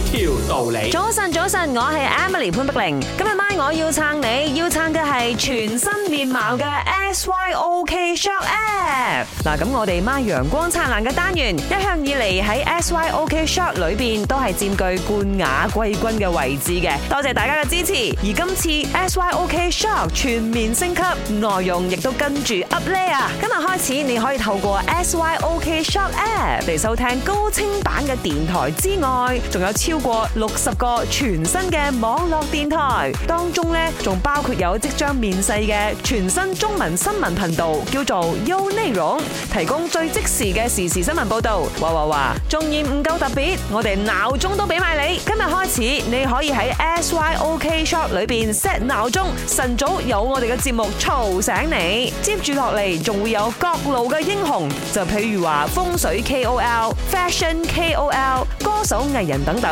條道理，早晨早晨，我係 Emily 潘碧玲。今日 my 我要撐你，要撐嘅係全新面貌嘅 SYOK Shop App。嗱，咁我哋 my 陽光燦爛嘅單元一向以嚟喺 SYOK Shop 裏邊都係佔據冠亞季軍嘅位置嘅，多謝大家嘅支持。而今次 SYOK Shop 全面升級，內容亦都跟住 up 咧啊！今日開始你可以透過 SYOK Shop App 嚟收聽高清版嘅電台之外，仲有。超過六十個全新嘅網絡電台，當中咧仲包括有即將面世嘅全新中文新聞頻道，叫做 YouNarrow，提供最即時嘅時事新聞報道。哇哇哇，仲然唔夠特別，我哋鬧鐘都俾埋你，今日開始你可以喺 SYOK Shop 裏邊 set 鬧鐘，晨早有我哋嘅節目嘈醒你。接住落嚟仲會有各路嘅英雄，就譬如話風水 KOL、Fashion KOL、歌手藝人等等。